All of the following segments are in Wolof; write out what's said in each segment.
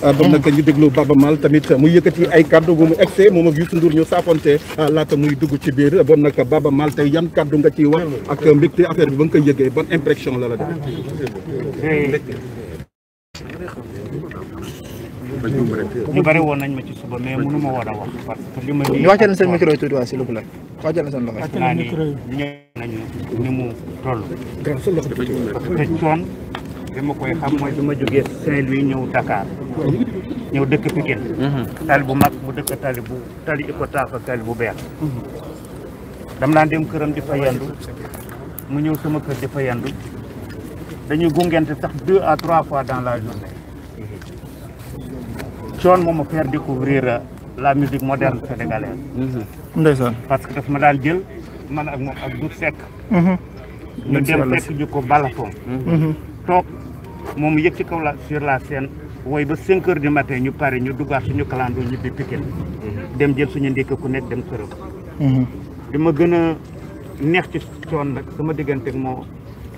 bon ah, nag ñu déglu Baba Maal tamit mu yëkkati ay kaddu bu mu egsee moom ak Youssou Ndour ñu saafonte ah, laata muy dugg ci biir bon nag Baba Maal tey yan kaddu nga ci wax ak mbégte affaire bi ba nga koy yëgee ban impression la la def. ñu bëri woon nañ ma ci suba mais mënu ma woon a wax parce que li ma lii. wàccal na seen micro yi tuuti waa s'il vous plaît wàccal na seen loxo. ni mu toll. parce que bi ma koy xam mooy bi ma jógee Saint-Louis ñëw Dakar. ñëw dëkk Pikine mhm. tali bu mag bu dëkk tali bu tali iko taaf ak tali bu beex dam naan dem këram di fa yendu mu ñëw sama kër di fa yendu dañuy gungente sax deux à trois fois dans la journée coon moom a faire découvrir euh, la musique moderne sénégalaise mhm. parce que daf ma daan jël man ak moom ak du sekk mhm. ñu dem fekk ji ko balafon toog moom yëg kaw la sur la scène mooy ba 5 heures du matin ñu pare ñu duggaat suñu kalandoo ñibbi Pikine mhm. dem jël suñu ndékki ku nekk dem sërëb mhm. li ma gën a neex ci coon nag sama diggante moo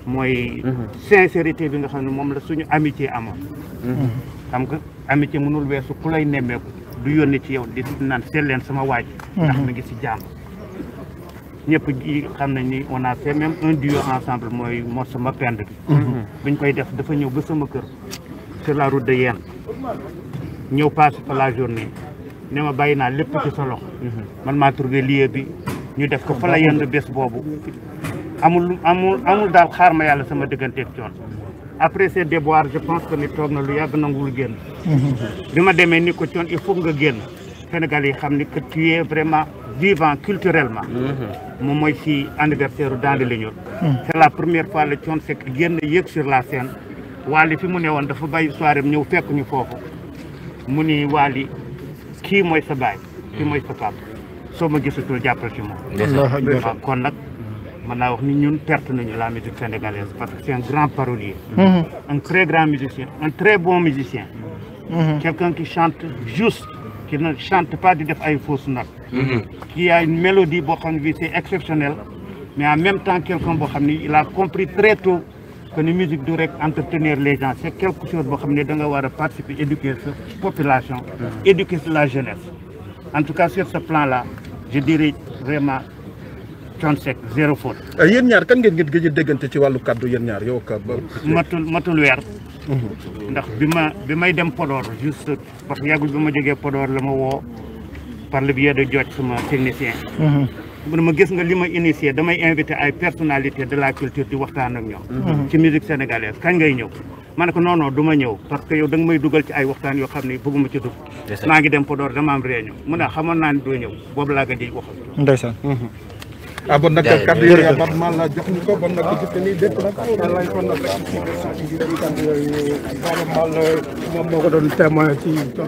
mooy mhm. sincérité bi nga xam ne moom la suñu amitié amoon xam nga amitié munul weesu ku lay nemmeeku du yónni ci yow di naan seet leen sama waaj ndax mi ngi si jàmm ñëpp ji xam nañ ni on a fait même un duo ensemble mooy moo sama pend bi buñ koy def dafa ñëw ba sama kër sur la route de Yène ñëw passé fa la journée ne ma bàyyi naa lépp ci sa loxo man maa trouvé lieu ñu def ko fa la yendu bés boobu amul amul amul daal xaar ma yàlla sama digganteeg coon après ces déboires je pense que ni toog na lu yàgg nanguwul génn bi ma demee ni ko coon il faut nga génn Sénégal yi xam ni que tu es vraiment vivant culturellement moom mooy si anniversaire u Dande Léñol hmm. la première fois la coon fekk génn yëg sur la scène Wally fi mu ne woon dafa bàyyi soirée ñëw fekk ñu foofu mu ni Wally kii mooy sa baay kii mooy sa papa soo ma gisatul jàppal ci moom waaw ah, kon nag mën naa wax ni ñun perte nañu la musique sénégalaise parce que c'est un grand parolier mhm. un très grand musicien un très bon musicien mhm. quelqu'un qui chante juste qui ne chante pas di def ay fausses notes mhm. qui a mélodie boo xam ne bi c'est exceptionnel mais en même temps quelqu'un boo xam ne il a compris très tôt kon ni musique du rek entretenir les gens c' est quelque chose boo xam ne danga war a participer éduquer sa population. éduquer la jeunesse. en tout cas sur ce plan là je vraiment Thione Seck zéro faute. Euh, yéen ñaar kan ngeen gëj a déggante ci wàllu kaddu yéen ñaar yow ka matul matul weer. Mhm. ndax bi ma bi may dem Podor juste parce que yàggul bi ma jógee Podor la ma woo par le biais de Diodj sama technicien. Mhm. mu ne ma gis nga li ma initié damay invité ay personnalité de la culture di waxtaan ak ñoom. ci musique sénégalaise kañ ngay ñëw. ma ne ko non non du ma ñëw parce que yow da nga may dugal ci ay waxtaan yoo xam ne bëgguma ci dugg. maa ngi dem Podor dama am réunion mu ne xamoon naa doo ñëw boobu laa gëj a waxal. ndeysaan. ah bon nag kàddu yooyu Abat Mal la jox ñu ko bon nag gis ni dégg na ko lañ ko nag rek ci kàddu yooyu Abat Mal moom moo ko doon témoin ci